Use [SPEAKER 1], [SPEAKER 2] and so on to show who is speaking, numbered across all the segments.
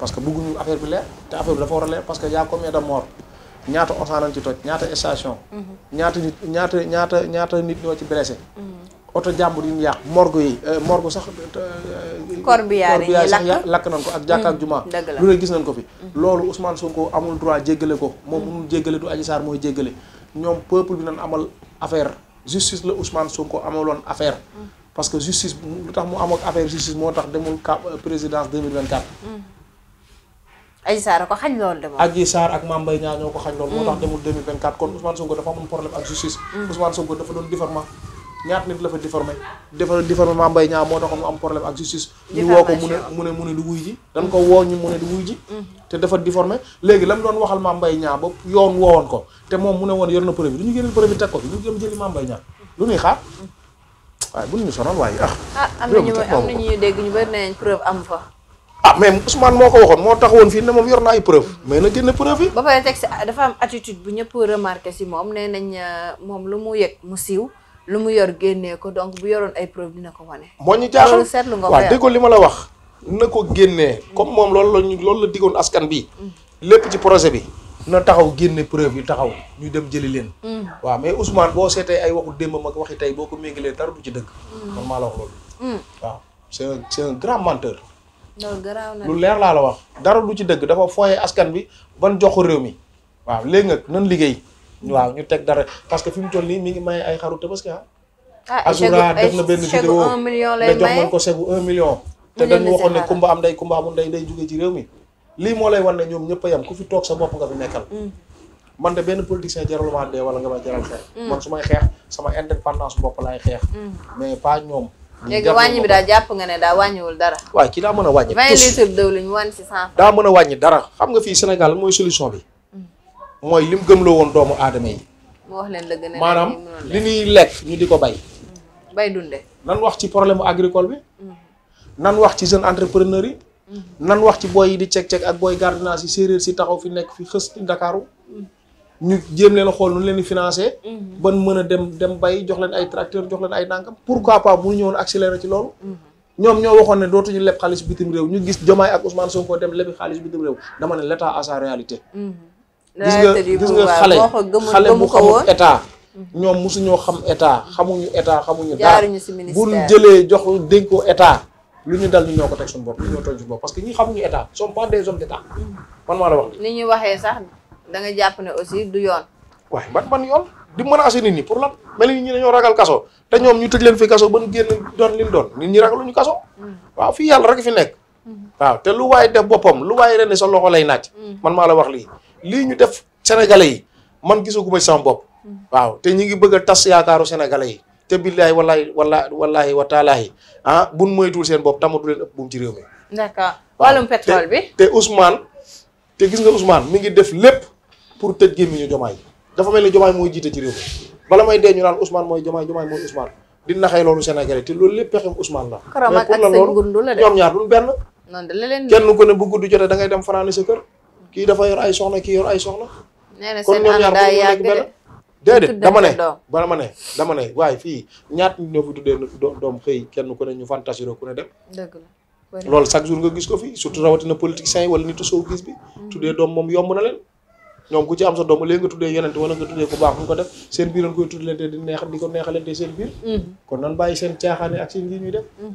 [SPEAKER 1] parce que bëgguñu affaire bi leer te affaire bi dafa war a leer parce que y a combien ñaata oto ci toj ñaata station. Mhm. ñaata nit ñaata ñaata ñaata nit ñoo ci blessé. Mhm. oto jàmbur yi ñu yàq morgue yi euh, morgue sax. Euh, euh, corbillard yi sax lakk nañ ko ak jàkka ak mhm, juma. lu ne gis nañ ko fi. loolu Ousmane Sonko amul droit jéggale ko. moom mënul jéggale du Adji Sarr mooy jéggale ñoom peuple bi nañ amal affaire justice la Ousmane Sonko amaloon affaire. parce que justice tax mu affaire moo tax demul cap
[SPEAKER 2] aji sar ko xañ loolu de moom
[SPEAKER 1] Adji ak mambay ñaar ñoko ñoo ko xañ loolu moo tax demul 2024 kon Ousmane Sonko dafa amoon problème ak justice mm. Ousmane Sonko dafa doon diffamation ñaar nit la fa diffamé dafa diffamé mambay ñaar motax mu am problème ak justice ñu woo ko mune mune mu du wuy ji dañ ko wo ñu mune du wuy ji mm. te dafa diffamé léegi lam doon waxal mambay ñaar bop yoon wo won ko te mom mune won yorna preuve du ñu preuve tekko ñu jëli mambay ñaar lu ñuy xaar mm. waaye bu ñu sonal way ah.
[SPEAKER 2] ah am nañu am nañu dégg ñu bari nañ preuve am fa
[SPEAKER 1] ah mais Ousmane moko kan, waxone mo moo fi fii ne moom yor na ay preuve mais na génne preuve
[SPEAKER 2] ba pare teg dafa am attitude bu ñepp remarquer ci mom né nañ mom ya, ya, ya, lu mu yek mu siw lu mu yor génnee ko donc bu yoron ay preuve
[SPEAKER 1] dina ko wone mo ñu jaaxal loolu seetlu nga la wax na ko comme mom lool la lool la digone askan bi hmm. lepp ci projet bi. na taxaw génne preuve yu taxaw ñu dem jëli len wa mais Ousmane bo sété ay waxu demb mak waxi tay boko mengalé tar du ci deug man la wax lool wa c'est un c'est un grand menteur.
[SPEAKER 2] lu
[SPEAKER 1] leer laa la wax dara lu ci dëgg dafa fooyee askan bi ban jox ko réew mi waaw léegi nag nan liggéey waaw ñu teg dara parce que fi mu toll nii mi ngi maye ay xaru tabaski ah.
[SPEAKER 2] ah Azoura def na benn vidéo da jox nañ ko
[SPEAKER 1] segu un million te dañu waxoon ne kumba am day kumba day day jóge ci réew mi lii moo lay wan ne ñoom ñëpp a yam ku fi toog sa bopp nga fi nekkal mm. man de benn politicien jaraluma dee wala nga may jaral xeex mm. man su xeex sama indépendance bopp laay xeex mm. mais pas ñoom léegi wàññi bi daal jàpp
[SPEAKER 2] nga ne daa wàññiwul dara
[SPEAKER 1] waaw kii daa mën a wàññi vingt litres
[SPEAKER 2] diwlin wan ci
[SPEAKER 1] daa mën a wàññi dara xam nga fii Sénégal mooy solution bi mm. mooy lim gëmloo woon doomu aadama yi
[SPEAKER 2] mu wax leen la gën maanaam
[SPEAKER 1] li ñuy lekk ñu di ko bay mm. bay dunde nan wax ci problème agricole bi mm. nan wax ci jeune entrepreneur yi nan wax ci booy yi di cek-cek ak booy gardiennage yi séeréer si taxaw fi nekk fi xës Ndakaaru ñu jéem leen a xool nu leen di financé. Mhm. ban mën a dem dem bay jox leen ay tracteur jox leen ay nànkam pourquoi pas mënu ñëwoon accéléré ci loolu. Mhm. ñoom ñoo waxoon ne dootuñu leb xaalis ñu gis Diomaye ak Ousmane xaalis bitim réew dama ne l' état sa réalité. Mhm. gis nga gis nga xale xale bu xamul état. ñoom mosuñoo xam état xamuñu état xamuñu dara buñ jëlee jox dénk état lu ñu dal ñu ñoo ko teg suñu bopp lu ñoo toj suñu bopp parce que ñi xamuñu état sont pas des hommes d'état man maa la wax
[SPEAKER 2] ni ñu waxee sax da nga japp ne aussi du yoon.
[SPEAKER 1] way ban ban yoon di menacer nit ni pour la mel ni ñi dañu ragal kaso te ñom ñu tëj leen fi kasso ba genn doon li doon nit ñi ñu kasso mm. waaw fi yalla rek fi nek mm-hmm. waaw te lu way def bopam lu way rene sa loxo lay nacc mm. man ma la wax li li ñu def sénégalais yi man gisagu ma sama bopp. Mm. waaw te ñi ngi bëgg tass yaakaaru sénégalais yi te billahi wallahi wallahi wallahi wa taalaahi ah buñ moytuwul seen bopp tamatu leen buñ ci rew mi.
[SPEAKER 2] d'accord walum pétrole bi te Ousmane
[SPEAKER 1] te gis nga Ousmane mi ngi def lepp pour gemi ñu jomay dafa melni jomay moy jité ci rew mi bala may dee ñu naan Ousmane moy jomay jomay moy Ousmane di naxee lolu Sénégalais té lolu lepp xam Ousmane la. mais pour la loolu ñom ñaar duñ benn. noonu de leneen kenn ko ne bu guddu jotté da ngay dem fanaani ci kër kii dafa yor ay soxna ki yor ay soxna. nee na seen ànd dé yàgg dama né dama ne dama ne dama né way fi ñaat ñoo fi tuddee doom xey kenn ko ne ñu fantasiro ku ne dem.
[SPEAKER 2] dëgg la loolu
[SPEAKER 1] chaque jour nga gis ko fi surtout rawati na politique yi wala nitu soo gis bi. Mm. tuddee dom mom yomb na len ñoom ku ci am sa doom léegi nga tuddee yonent wala nga tuddee ku baax bu ko def seen biir lañ koy tuddalante di neex di ko neexalante seen biir mm-hmm. kon nan bàyyi seen caaxaane ak seen lii ñuy def mm-hmm.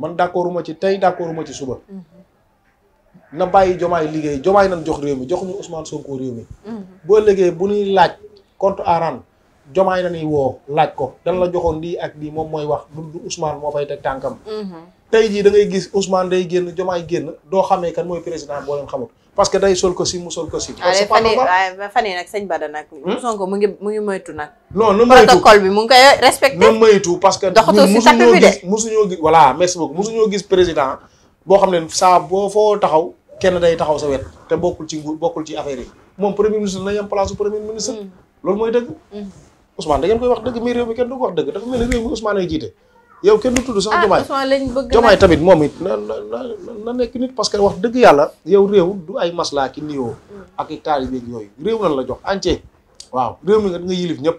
[SPEAKER 1] man d'accorduma ci tey d'accorduma ci suba mm-hmm. na bàyyi jomaay liggéey jomaay nan jox réew mi jox ñu Ousmane Sonko réew mi boo liggéey bu ñuy laaj compte à jomaay la ñuy woo laaj ko dan la joxoon lii ak lii moom mooy wax du du Ousmane moo fay teg tànkam mhm. tey jii da ngay gis Ousmane day génn jomaay génn doo xamee kan mooy président boo leen xamut parce que day sol ko si mu sol ko si waaye nag que musuñoo gis musuñoo gis voilà merci beaucoup musuñoo gis président boo xam ne saa boo foo taxaw kenn day taxaw sa wet te bokkul ci bokkul ci affaire yi moom premier ministre na yem place premier ministre hmm. loolu mooy dëgg hmm. Ousmane da ngeen koy wax dëgg mais réew mi kenn du ko wax dëgg dafa mel ni réew mi Ousmane ay jiite yow kenn du tudd sax jomaay
[SPEAKER 2] ah, jomaay tamit
[SPEAKER 1] moom it na na na nekk nit parce que wax dëgg yàlla yow réew du ay maslaa ki niyoo mm. ak i taalibe yooyu réew la la jox entier waaw réew mi nga nga yilif ñëpp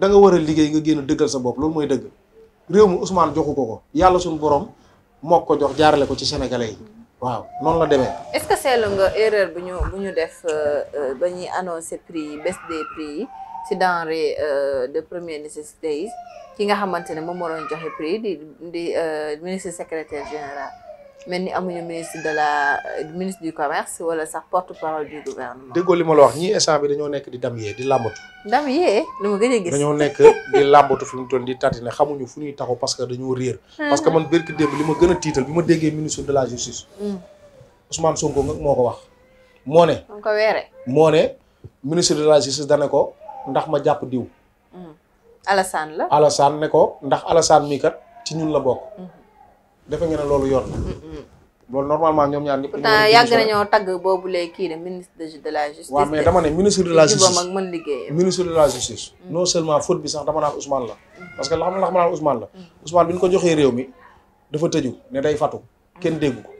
[SPEAKER 1] danga war a liggéey nga génn dëggal sa bopp loolu mooy dëgg réew mi Ousmane joxu ko ko yàlla suñu boroom moo ko jox jaarale ko ci sénégalais yi waaw noonu la demee.
[SPEAKER 2] est-ce que seetlu nga erreur bu ñu bu ñu def euh, euh, ba ñuy annoncer prix yi baisse des prix ci denrée euh, de première nécessité yi ki nga xamante ne moom moo doon joxe prix di di ministre secretaire général. mel ni amuñu ministre de la euh, ministre du commerce wala sax porte-parole du gouvernement.
[SPEAKER 1] déggoo li ma la wax ñii instant bi dañoo nekk di dam yee di làmbatu.
[SPEAKER 2] dam yee lu ma gën a gis. dañoo
[SPEAKER 1] nekk di làmbatu fi mu toll di tatine xamuñu fu ñuy taxaw parce que dañoo réer. Hmm. parce que man birki démb li ma gën a tiital bi ma déggee ministre de la justice. Hmm. Ousmane Sonko nga moo ko wax. moo ne. moo ko weeree. moo ne ministre de la justice dane ko ndax ma jàpp diw.
[SPEAKER 2] Hmm. Alassane la
[SPEAKER 1] Alassane ne ko ndax Alassane mii kat ci ñun la bokk. defe ñu ne lolu yor la. loolu normalement ñom ñaar ñep ta yag nañu
[SPEAKER 2] tag bobu lay ki de ministre de la justice. wa mais dama ne ministre de la justice
[SPEAKER 1] ministre de la justice. Mm. non seulement faute bi sax dama na Ousmane la. Mm. parce que la xamna la xamna Ousmane la. Mm. Ousmane bi ko joxee réew mi dafa teju ne day fatu ken déggu ko.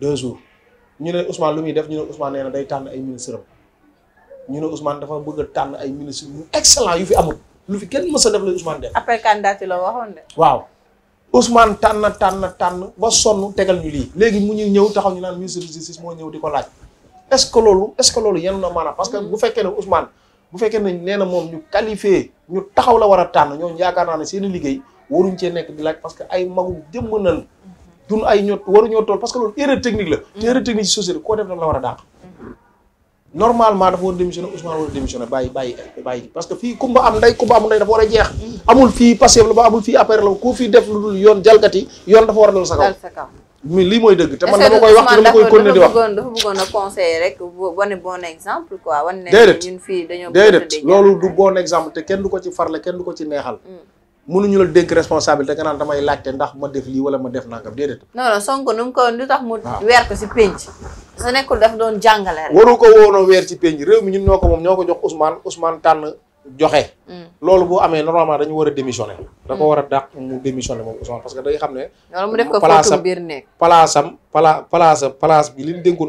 [SPEAKER 1] deux jours ñu ne Ousmane lu mi def ñu ne Ousmane nee day tan ay ministre ñu ne Ousmane dafa bëgg tan ay ministre excellent yu fi amul lu fi kenn mësa def lu Ousmane def.
[SPEAKER 2] après candidat la waxoon de.
[SPEAKER 1] waaw. Ousmane tànn tànn tànn ba sonn tegal ñu lii léegi mu ñuy ñëw taxaw ñu naan ministre de justice moo ñëw di ko laaj est-ce que loolu est-ce que loolu yenn na maanaam parce que bu fekkee ne Ousmane bu fekkee ne nee na moom ñu qualifié ñu taxaw la war a tànn ñooñu yaakaar naa ne seen liggéey waruñ cee nekk di laaj parce que ay magum jëmm nañ dun ay ñot waruñoo tool parce que loolu erreur technique la. Mm-hmm. te erreur technique ci société koo def la war a dàq. normalement dafa war a démissionné bàyyi bàyyi bàyyi parce que fii kumba am ndey kumba am ndey dafa war a jeex amul fii Pastef la ba amul fii APR la ku fii def lu dul yoon jalgati yoon dafa war a dal sa kaw mi lii mooy dëgg te man dama koy wax dama koy continuer di wax dafa
[SPEAKER 2] bëggoon a conseiller rek wane bon exemple quoi wane ne ñun fii dañoo déedéet
[SPEAKER 1] loolu du bon exemple te kenn du ko ci farle kenn du ko ci neexal mm. mënuñu la dénk responsabilité nga naan damay laajte ndax ma def lii wala ma def nangam déedéet.
[SPEAKER 2] non non Sonko nu mu
[SPEAKER 1] ah. a hmm. a démissionné. da ko hmm. war a dàq mu démissionné moom Ousmane parce que day xam ne.
[SPEAKER 2] loolu ko foofu biir nekk
[SPEAKER 1] palaasam pala palaasam palaas bi hmm.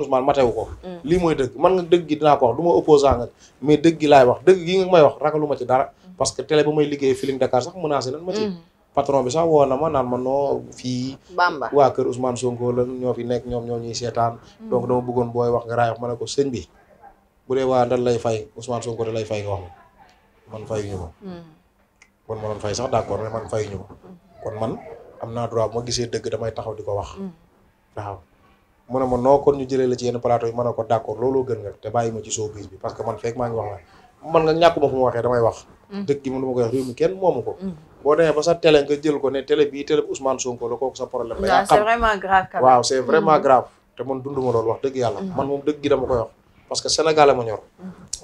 [SPEAKER 1] nga dëgg gi dinaa ko wax du ma nga mais dëgg gi laay wax dëgg gi nga may wax ragaluma ci dara parce que télé ba may liggéey Feeling Dakar sax menacé nan ma ci mm. patron bi sax woo na ma noo fii waa kër Ousmane Sonko la nekk ñoom ñoo ñuy seetaan mm. donc dama bëggoon booy wax nga raay wax ma ko sëñ bi bu dee waa dal lay fay Ousmane Sonko da lay fay nga wax man mm. fay sax naa droit bu taxaw di ko wax waaw mu ne ma noo kon ñu jëlee la ci ma man nga ñàkkuma fu waxee damay wax Mm. dëkk gi moom dama koy wax réew mi kenn moomu ko. Mm. boo demee ba sa télé nga jël ko ne télé bii télé mm-hmm. mm-hmm.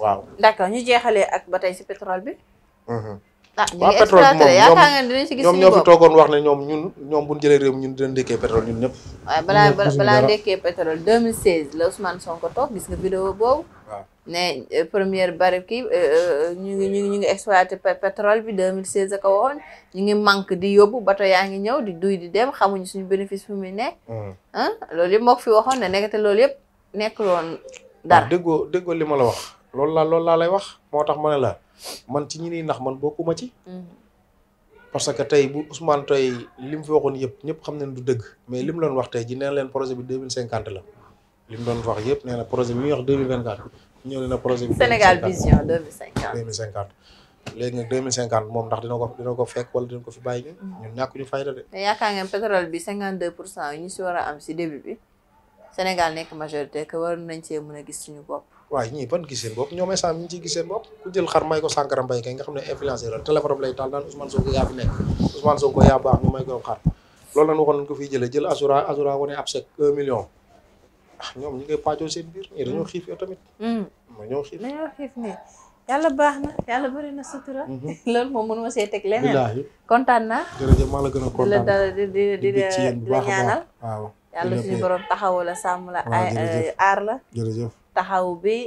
[SPEAKER 2] mm-hmm. ñu jeexalee ak ba tey
[SPEAKER 1] ah, bu
[SPEAKER 2] ñu Sonko toog gis nga vidéo boobu ne euh, première baril kii euh, euh, ñu ngi ñu ñu ngi exploité pétrole bi 2016 a ko waxoon ñu ngi manque di yóbbu bato yaa ngi ñëw di duy di dem xamuñ suñu bénéfice fu muy nekk ah loolu yëpp moo ko fi waxoon ne nekk te loolu yëpp nekkul woon
[SPEAKER 1] dara ah, déggoo déggoo li ma la wax loolu laa loolu laa lay wax moo tax ma ne la man ci ñi ni nax man bokkuma ci hmm. parce que tey bu Ousmane tey li mu fi yëpp ñëpp xam nañ du dëgg mais li mu doon wax tey ji nee na leen projet bi 2050 la li mu wax yëpp nee na projet bi muy wax 2024 ñëw na projet bi. Sénégal vision 2050 2050. léegi nag 2050 moom ndax dina ko dina ko fekk wala dina ko fi bàyyi ñun mm. ñàkk ñu fayda de.
[SPEAKER 2] mais yaakaar ngeen pétrole bi 52 pour cent yi ñu si war a am si début bi Sénégal
[SPEAKER 1] nekk majorité que war nañ cee mën a gis suñu bopp. waaye ñii ban gis seen bopp ñoom instant ñu ciy gis seen ku jël xar may ko Sankara Mbaye kay nga xam ne influenceur la téléphone lay taal naan Ousmane Sonko fi ko xar loolu la ñu waxoon ko fiy jëlee jël assura assura wane ab Ah, ñoom ñu ngay paajoo seen biir ñii eh, dañoo mm. xiif yow tamit ma mm. ñoo xiif
[SPEAKER 2] dañoo xiif nii baax na yàlla bëri na sutura mm-hmm. loolu moom ma see teg leneen billaahi kontaan naa
[SPEAKER 1] jërëjëf maa la a kontaan di di di di la ñaanal waaw yàlla suñu
[SPEAKER 2] la sàmm la aar la taxaw bi